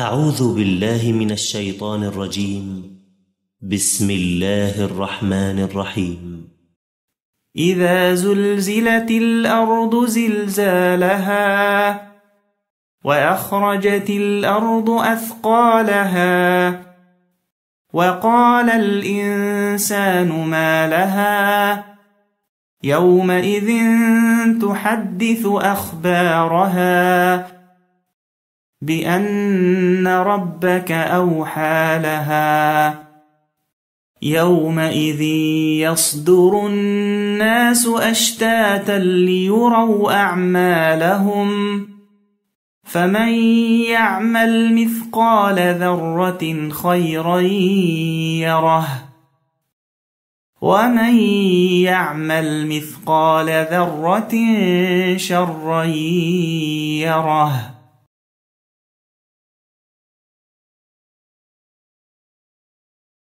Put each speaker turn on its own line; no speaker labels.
أعوذ بالله من الشيطان الرجيم بسم الله الرحمن الرحيم إذا
زلزلت الأرض زلزالها وأخرجت الأرض أثقالها وقال الإنسان ما لها يومئذ تحدث أخبارها بأن ربك أوحى لها يومئذ يصدر الناس أشتاتا ليروا أعمالهم فمن يعمل مثقال ذرة خيرا يره ومن يعمل مثقال ذرة شرا يره